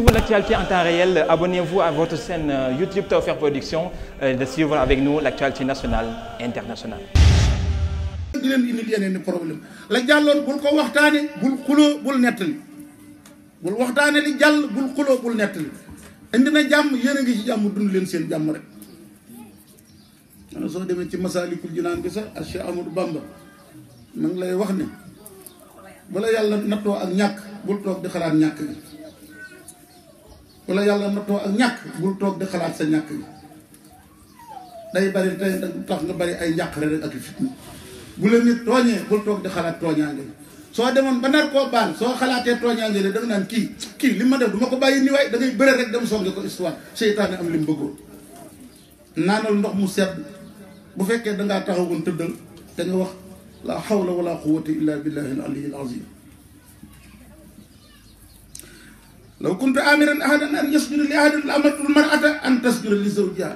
suivre l'actualité en temps réel, abonnez-vous à votre chaîne euh, YouTube Tawfekh Production et euh, de suivre avec nous l'actualité nationale et internationale. di leen indi yeneen problème la jàlloon bul ko waxtaane bul xuloo bul nettali bul waxtaane li jàll bul xuloo bul nettali indi na jàmm yéen a ngi ci jàmm dund leen seen jàmm rek. man soo demee ci Masaalikul Jinaan bi sax ak Cheikh Amadou Bamba ma lay wax ne bala yàlla nattoo ak ñàkk bul toog di xalaat ñàkk gi. ku la yàlla nattoo ak ñàkk bul toog di xalaat sa ñàkk gi day bari tey tax nga bari ay njàqare rek ak fitna bu la nit tooñee bul toog di xalaat tooñaange soo demoon ba nar koo baal soo xalaatee tooñaange da nga naan kii kii li ma def duma ko bàyyi nii waay da ngay rek dem songe ko histoire seytaane am lim mu bëggoon naanal ndox mu sedd bu fekkee dangaa taxawoon tëddal da nga wax la hawla la quwwata illa billahi al aliyyil azim law kuntu amiran ahadan an yasjuda li ahadin la amartu l-mar'ata an tasjuda li zawjiha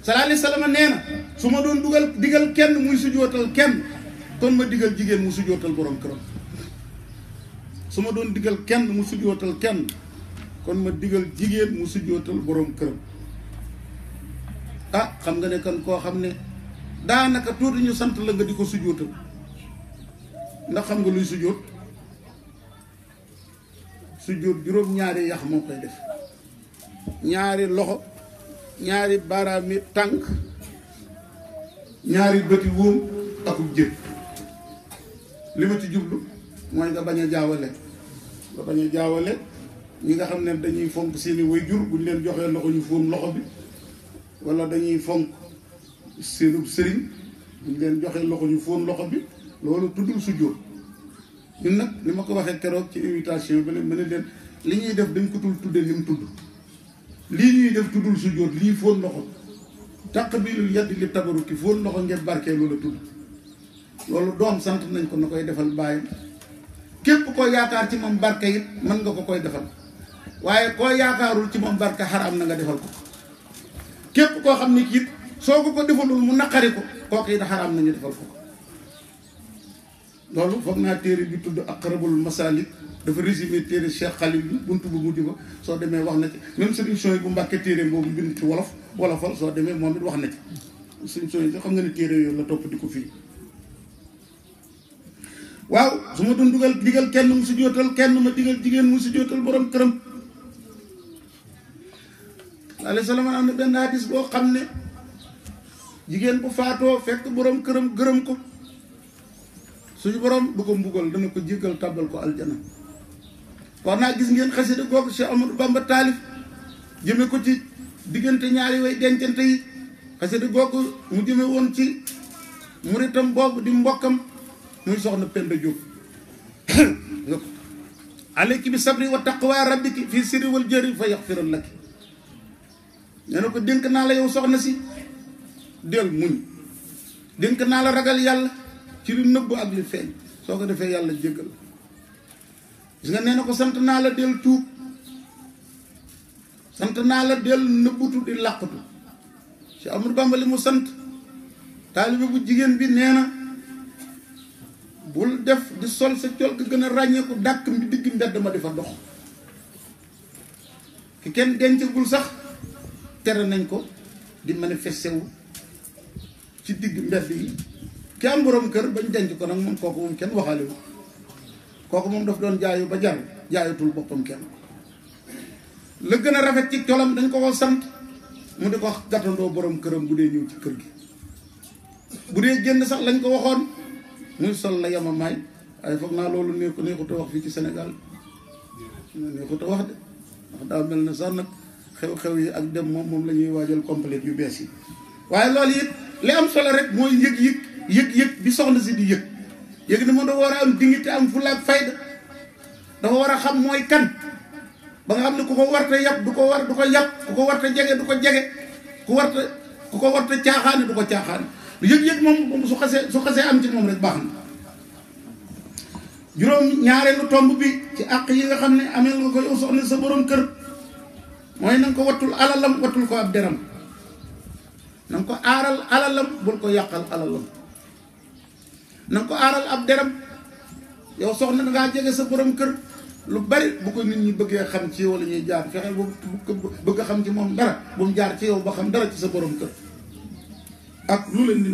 sallallahu alayhi wa sallam nee su ma doon dugal digal kenn muy sujootal kenn kon ma digal jigéen mu sujootal borom këram ma doon digal kenn mu sujootal kenn kon ma digal jigéen mu sujootal borom këram ah xam nga ne kan koo xam ne daanaka tuuti ñu sant la nga di ko sujootal ndax xam nga luy sujoot su jur juróom-ñaari yax moom koy def ñaari loxo ñaari baaraami tànk ñaari bëti wóom akub jëb li ma jublu mooy nga bañ a jaawale nga bañ a jaawale ñi nga xam ne dañuy fonk seeni way jur buñ leen joxee loxo ñu fóom loxo bi wala dañuy fonk seenub sëriñ buñ leen joxee loxo ñu fóom loxo bi loolu tuddul su ñun nag li ma ko waxee keroog ci invitation bi ma ne leen li ñuy def dañ ko tul tudde ni mu tudd lii ñuy def tuddul su jóot lii foon loxo taq bii lu yedd li tabaru ki foon loxo ngeen barkee loolu la tudd loolu doom sant nañ ko na koy defal bàyyi képp koo yaakaar ci moom barke it mën nga ko koy defal waaye koo yaakaarul ci moom barke xaram na nga defal ko képp koo xam ne kiit soo ko ko defalul mu naqari ko kooku it xaram na ñu defal ko loolu foog naa téere bi tudd ak aqrabul masalik dafa résumé téere Cheikh Khalil bi buntu bu di ko soo demee wax na ci même sëriñ Sooy bu Mbàkke téere boobu bind ci wolof wolofal soo demee moom it wax na ci sëriñ Sooy xam nga ne téere yooyu la topp di ko fii waaw su ma doon dugal digal kenn mu si jootal kenn ma digal jigéen mu si jootal borom këram alayhi salaam am na benn hadis boo xam ne jigéen bu faatoo fekk boroom këram gërëm ko suñu borom du ko mbugal dana ko jéggal tàbbal ko aljana wax naa gis ngeen xasida googu si Amadou Bamba taalif jëme ko ci diggante ñaari way dencante yi xasida googu mu jëme woon ci muritam boobu di mbokkam muy soxna Penda Diop aleyki bi sabri wa taqwa rabbiki fii sirri wal jëri fa yaxfiral laki nee na ko dénk naa la yow soxna si del muñ dénk naa la ragal yàlla ci li nëbbu ak li feeñ soo ko defee yàlla jéggal gis nga nee na ko sant naa la del tuub sant naa la dell nëbbutu di làqutu ci amul bàmbali mu sant taalibe bu jigéen bi nee na bul def di sol sa col ka gën a ràññeeku dàkk mi digg mbedd ma di dox ki kenn dencagul sax tere nañ ko di manifesté wu ci digg mbedd yi ki am borom kër bañ denc ko nag moom kooku moom kenn waxaale kooku moom daf doon jaayo ba jar jaayatul boppam kenn la gën a rafet ci colam dañ ko ko sant mu di ko gàttandoo borom këram bu dee ñëw ci kër gi bu dee génn sax lañ ko waxoon muy sol la yama maay ay foog naa loolu neexu neexut a wax fii ci Sénégal neexut wax de ndax daa mel na sax nag xew-xew yi ak dem moom moom la ñuy waajal complète yu bees yi waaye loolu it li am solo rek mooy yëg-yëg yëg-yëg bi soxna si di yëg yëg ni moom dafa war a am dignité am fulla ak fayda dafa war a xam mooy kan ba nga xam ne ku ko warta yàpp du ko war du ko yàpp ku ko warta jege du ko jege ku warta ku ko warta caaxaani du ko caaxaani yëg-yëg moom su xasee su xasee am ci moom rek baax na juróom ñaareelu tomb bi ci àq yi nga xam ne ameel nga ko yow soxna sa borom kër mooy na ko wattul alalam wattul ko ab deram na nga ko aaral alalam bul ko yàqal alalam na ko aaral ab deram yow soxna dangaa jege sa borom kër lu bari bu ko nit ñi bëggee xam ci yow la ñuy jaar fexeel bu bëgg xam ci moom dara bu mu jaar ci yow ba xam dara ci sa borom kër ak lu leen di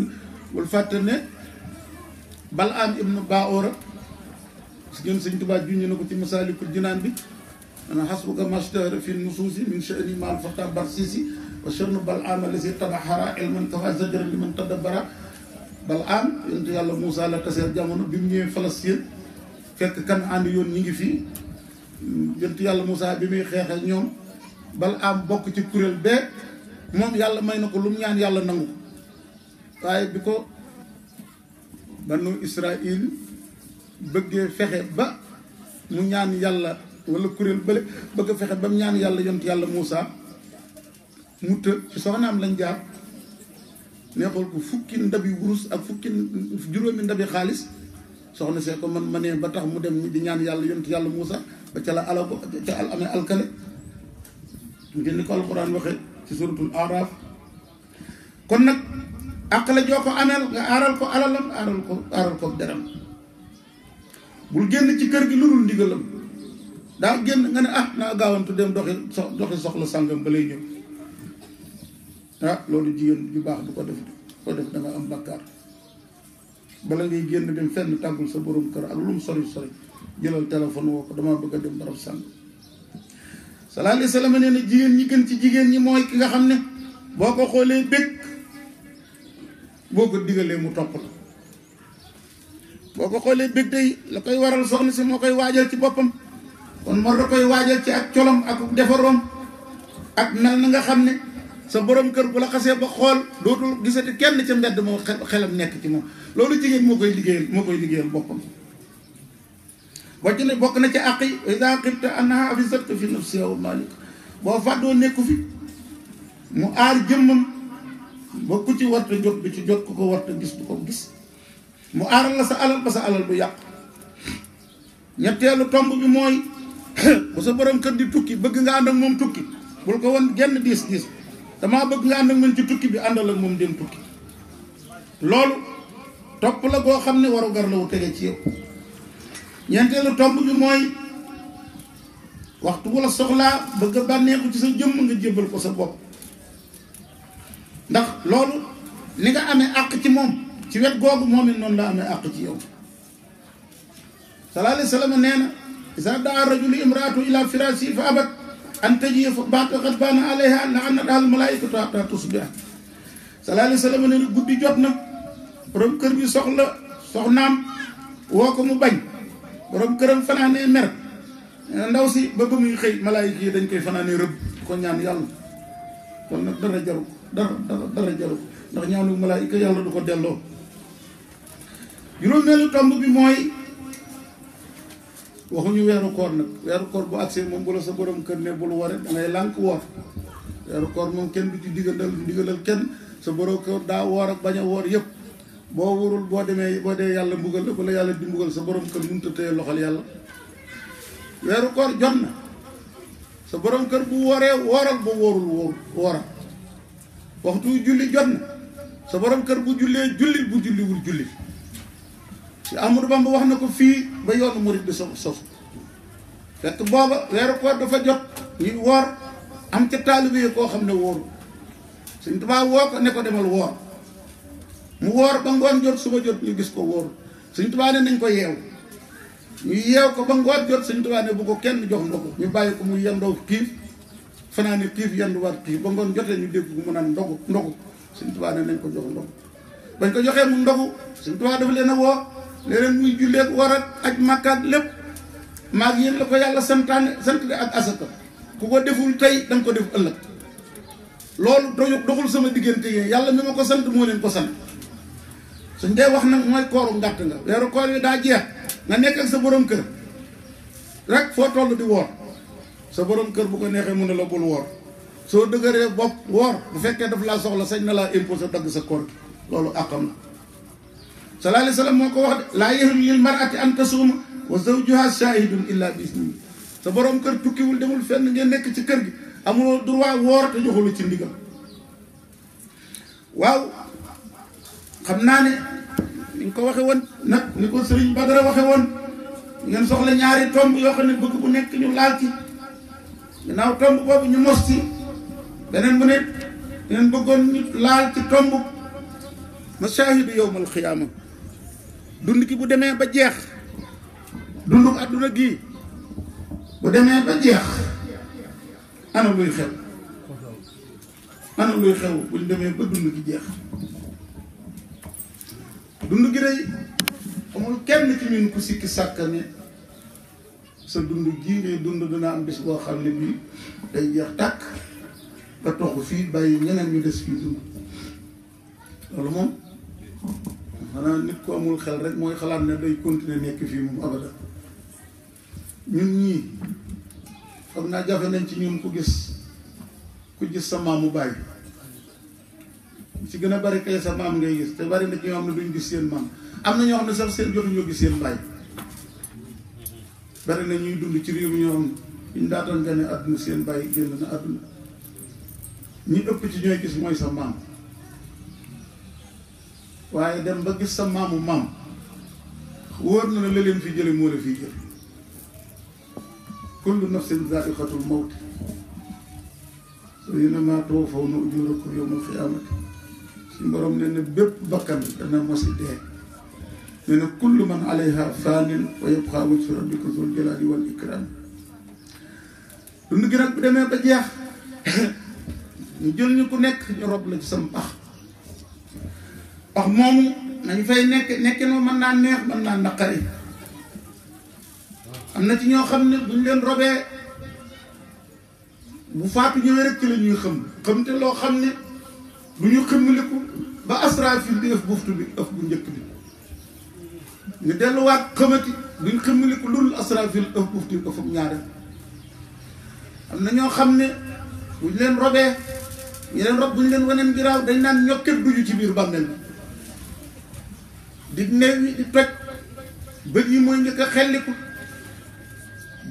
wal fàtte ne Balaam ibnu Baora si ñun sëñ Tuubaa junj na ko ci Masaalikul Jinaan bi ana xasbuka a fi nusuusi min sha'ni maal fata barsisi wa sharnu Balaam allazi tabaxara ilman kawa zajara liman tadabbara bal aan yàlla Moussa la taseel jamono bi mu ñëwee Falastin fekk kan ànd yoon ñi ngi fii yonent yàlla Moussa bi muy xeex ñoom bal aan bokk ci kuréel bee moom yàlla may na ko lu mu ñaan yàlla nangu ko waaye bi ko banu Israil bëggee fexe ba mu ñaan yàlla wala kuréel bële fexe ba mu ñaan yàlla yonent yàlla Moussa mu të ci soxnaam lañ jaar neexul ko fukki ndab yu wurus ak fukki juróomi ndabi xaalis soxna see ko man ma ne ba tax mu dem di ñaan yàlla yonent yàlla Moussa ba ca la ala ko ca al amee alkale nag àq la joo ko ameel ko alalam aaral ko aaral ko deram bul génn ci kër gi lu dul ndigalam daa génn nga ne ah naa gaawantu dem doxi so doxi soxla sàngam ba lay ñëw ah loolu jigéen ju baax du ko def ko def da am bàkkaar bala ngay génn dem fenn tàggul sa borom kër ak lu mu sori sori jëlal téléphone woo ko damaa bëgg a dem barab sànq. sallallahu alayhi wa jigéen ñi gën ci jigéen ñi mooy ki nga xam ne boo ko xoolee bëgg boo digalee mu topp la boo ko xoolee bëgg tey koy waral soxna si moo koy waajal ci boppam kon moo da koy waajal ci ak colom ak defaroom ak mel na nga xam ne. sa boroom kër bu la xasee ba xool dootul gisati kenn ca mbedd moo xelam nekk ci moom loolu jigéen moo koy liggéeyal moo koy liggéeyal boppam bocc bokk na ci àq yi ida xibta annaha afisat fi nafsiha wa malik boo fàddoo nekku fi mu aar jëmmam ba ku ci warta jot bi ci jot ku ko warta gis du ko gis mu aaral la sa alal ba sa alal bu yàqu ñetteelu tomb bi mooy bu sa boroom kër di tukki bëgg nga ànd ak moom tukki bul ko wan genn diis diis damaa bëgg nga ànd ak man ci tukki bi àndal ak moom dem tukki loolu topp la goo xam ne warugar la wu tege ci yow ñeenteelu tomb bi mooy waxtu wala soxlaa bëgg a bànneexu ci sa jëmm nga jébbal ko sa bopp ndax loolu ni nga amee àq ci moom ci wet googu moom it noonu la amee àq ci yow sallallahu alayhi wa sallam nee na isa daa rajulu imraatu ila firaasi fa abat an tajiya fa baatu xat baana alayha la an na daal malaayikatu hatta tusbiha sallallahu alayhi wa sallam ne guddi jot na borom kër bi soxla soxnaam woo ko mu bañ borom këram fanaanee mer ndaw si ba ba muy xëy malaayika yi dañ koy fanaanee rëbb ko ñaan yàlla dara jaru ko dara dara dara jaru ko ndax ñaanu malaayika yàlla du ko delloo juróomeelu tomb bi mooy waxuñu weeru koor nag weeru koor bu agsee moom bu la sa borom kër ne bul waree dangay lànk woor weeru koor moom kenn du di digalal digalal kenn sa borom kër daa woor ak bañ a woor yëpp boo wóorul boo demee boo dee yàlla mbugal la bala yàlla di mbugal sa boroom kër mënut a téye loxol yàlla. weeru koor jot na sa borom kër bu wooree wooral ba wóorul wóor wooral waxtu julli jot na sa borom kër bu jullee jullit bu julliwul jullit. si ba Bamba wax na ko fii ba yoonu murit bi sof sof fekk booba weeru koor dafa jot ñuy woor am ca taalibe koo xam ne wóoru Sëñ Tuubaa woo ko ne ko demal woor mu woor ba ngoon jot suba jot ñu gis ko wóoru Sëñ Tuubaa ne nañ ko yeew ñu yeew ko ba ngoon jot Sëñ Tuubaa kenn jox ndogu ko ñu dégg ko mu naan ndogu ndogu Sëñ Tuubaa ne nañ ko jox ndogu bañ ko joxee mu ndogu Sëñ Tuubaa dafa leen a leneen muy julleeg war ak aj màkkaat lépp maag yéen la ko yàlla santaane sant de ak asaka ku ko deful tey danga ko def ëllëg loolu doyu doxul sama diggante yee yàlla mi ma ko sant moo leen ko sant suñ dee wax nag mooy kooru ngàtt nga weeru koor yi daa jeex nga nekk sa boroom kër rek foo toll di woor sa borom kër bu ko neexee mu ne la bul woor soo dëgëree bopp woor bu fekkee daf laa soxla sañ na laa imposé dagg sa koor loolu àqam na sallallahu alayhi wa sallam moo ko wax de laa yahillu lil mar'ati an tasuuma wa zawjuha shahidun illaa bi isnihi sa borom kër tukkiwul demul fenn ngeen nekk ci kër gi amuloo droit woor te joxula ci ndigal waaw xam naa ne ni ko waxe woon nag ni ko sëriñ Badara waxe woon ngeen soxla ñaari tomb yoo xam ne bëgg bu nekk ñu laal ci gannaaw tomb boobu ñu mos ci beneen bu ne ngeen bëggoon ñu laal ci tomb masaahidu yowmal xiyaama dund ki bu demee ba jeex dundu àdduna gi bu demee ba jeex ana luy xew ana luy xew buñ demee ba dund gi jeex dund gi day amul kenn ci ñun ku sikki sàkk ne sa dund gii ngay dund dana am bis boo xam ne bii day jeex tàkk nga toxu fii bàyyi ñeneen ñu des fii dund loolu moom maanaam nit ku amul xel rek mooy xalaat ne day continuer nekk fii moom abada ñun ñii foog naa jafe nañ ci ñun ku gis ku gis sa maamu bàyyi si gën a bari kay sa maam ngay gis te bari na ci ñoo xam ne duñ gis seen maam am na ñoo xam ne sax seen ñoo gis seen bàyyi bari nañ ñuy dund ci réew mi ñoo xam ne ñu daatoon gane àdduna seen bàyyi génn na àdduna ñi ëpp ci ñooy gis mooy sa maam waaye dem ba gis sa maamu maam wóor na la leen fi jële moo la fiy jël kullu nafsin zaiqatul mawt so innamaa tuwaffawna ujurakum yawmal qiyaamati suñu borom nee na bépp bakkan dana mosi dee nee na kullu man alayha faanin wa yabqaa wajhu rabbika zul jalaali wal ikraam dund gi nag bu demee ba jeex ñu jël ñu ku nekk ñu rob la ci sam ndax moomu nañu fay nekk nekkinoo mën naa neex mën naa naqari am na ci ñoo xam ne buñ leen robee bu faatu ñëwee rek ci xam xam te loo xam ne du ñu ba asraafil di ëf buftu delluwaat xamati duñ xëmmaliku lul asraafil ëf buftu bi ëfam ñaare am na ñoo xam ne leen robee ñu leen rob buñ leen waneen giraaw dañ naan ñokket duñu ci biir bàmmeel bi di new yi di toj bët yi mooy njëkk a xelliku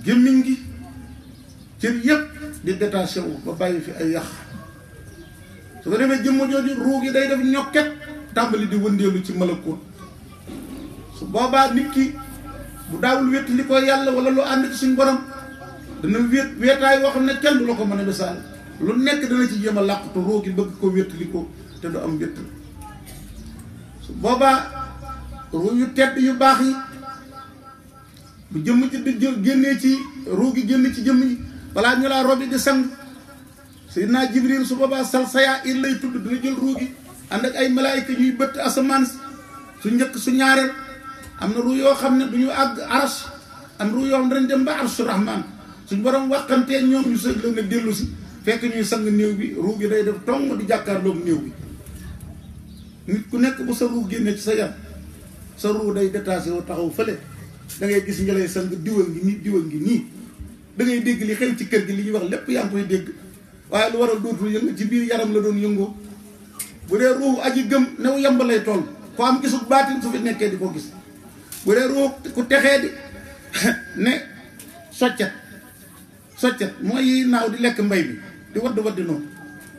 gémmiñ gi cër yëpp di détaché wu ba bàyyi fi ay yax su ko defee jëmm jooju ruu gi day def ñokket tàmbali di wëndeelu ci malakoot su boobaa nit ki bu daawul wéet li ko yàlla wala lu ànd ci suñ borom dana wéet wéetaay woo xam ne kenn du la ko mën a misaal lu nekk dana ci jéem a làqatu ruu gi bëgg ko wéet te du am wéet su boobaa ruu yu tedd yu baax yi bu jëmm ci di génnee ci ruu gi génn ci jëmm yi balaa ñu laa robi di sang Seydina Jibril su boobaa sal sayaa il lay tudd dina jël ruu gi ànd ak ay malaayka ñuy bëtt asamaan su njëkk su ñaareel am na ruu yoo xam ne du ñu àgg aras am ruu yoo xam ne dañ dem ba arsu rahman suñ borom waxantee ñoom ñu sëg la nga dellu si fekk ñuy sang néew bi ruu gi day def tong di jàkkaarloog néew bi nit ku nekk bu sa ruu génne ci sa yaram sa ruu day détaché wu taxaw fële da ngay gis ñu lay sang diwal ngi nii diwal ngi nii da ngay dégg li xew ci kër gi li ñu wax lépp yaa ngi koy dégg waaye lu waral dootul yëngu ci biir yaram la doon yëngoo bu dee ruuxu aji gëm new yamb lay toll ko am gisul baatin su fi nekkee di ko gis bu dee ruux ku texee di ne soccet soccet mooy di lekk mbay bi di wadd waddi noonu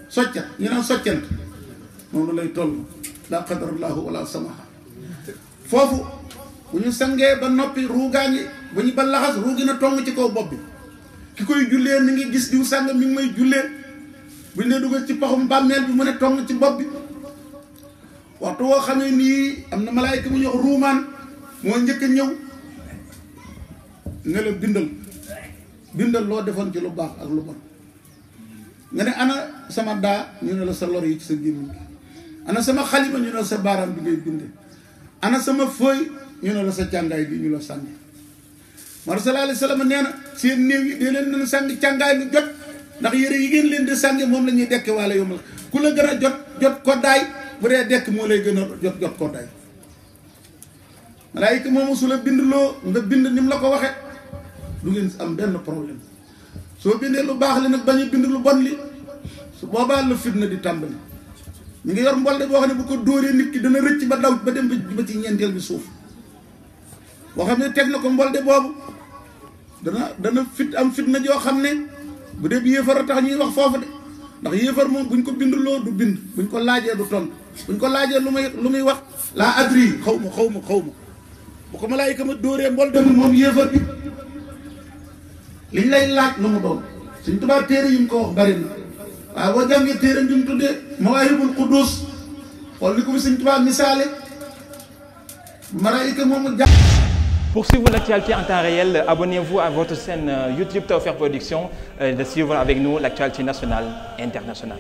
soccet ñu naan lay toll laa qadarullahu wala sama foofu bu ñu sangee ba noppi ruugaa ngi bu ñu ba laxas ruugi na tong ci kaw bopp bi ki koy jullee mi ngi gis diw sàng mi ngi may jullee bu ñu ne dugal ci paxum bàmmeel bi mu ne tong ci bopp bi waxtu woo xamee nii am na malaayka mu ñëw ruumaan moo njëkk a ñëw ne la bindal bindal loo defoon ci lu baax ak lu bon nga ne ana sama daa ñu ne la sa lor yi ci sa gémmiñ ana sama xalima ñu ne sa baaraam bi ngay binde ana sama fooy ñu ne la sa càngaay bi ñu la sànni mar sallallahu nee na seen néew yi dee leen nañu sànni càngaay lu jot ndax yére yi ngeen leen di sànni moom la ñuy dekke waala yombal ku la gën a jot jot koddaay bu dee dekk moo lay gën a jot jot koddaay malaayika moomu su la bind loo nga bind ni mu la ko waxee lu ngeen am benn problème soo bindee lu baax li nag bañ a bind lu bon li su boobaa la fitna di tàmbali ñu ngi yor mbolde boo xam ne bu ko dóoree nit ki dana rëcc ba daw ba dem ba ci ñeenteel bi suuf boo xam ne teg na ko mbolde boobu dana dana fit am fit na joo xam ne bu dee bi yéefar a tax ñuy wax foofu de ndax yéefar moom buñ ko binduloo du bind buñ ko laajee du tontu ko laajee lu muy lu muy wax laa adri xaw ma xaw ma xaw ma bu ko malaayika ma dóoree mbolde bi moom yéefar bi liñ lay laaj lu mu doon suñ tubaab téere yi mu ko wax bari na waaw boo jàngee téeram bi mu tuddee mawaahibul quddus xool li ko fi Sëñ Tuubaa misaale malaayika moomu jàng Pour suivre l'actualité en temps réel, abonnez-vous à votre chaîne euh, YouTube Tawfekh Production euh, et de suivre avec nous l'actualité nationale et internationale.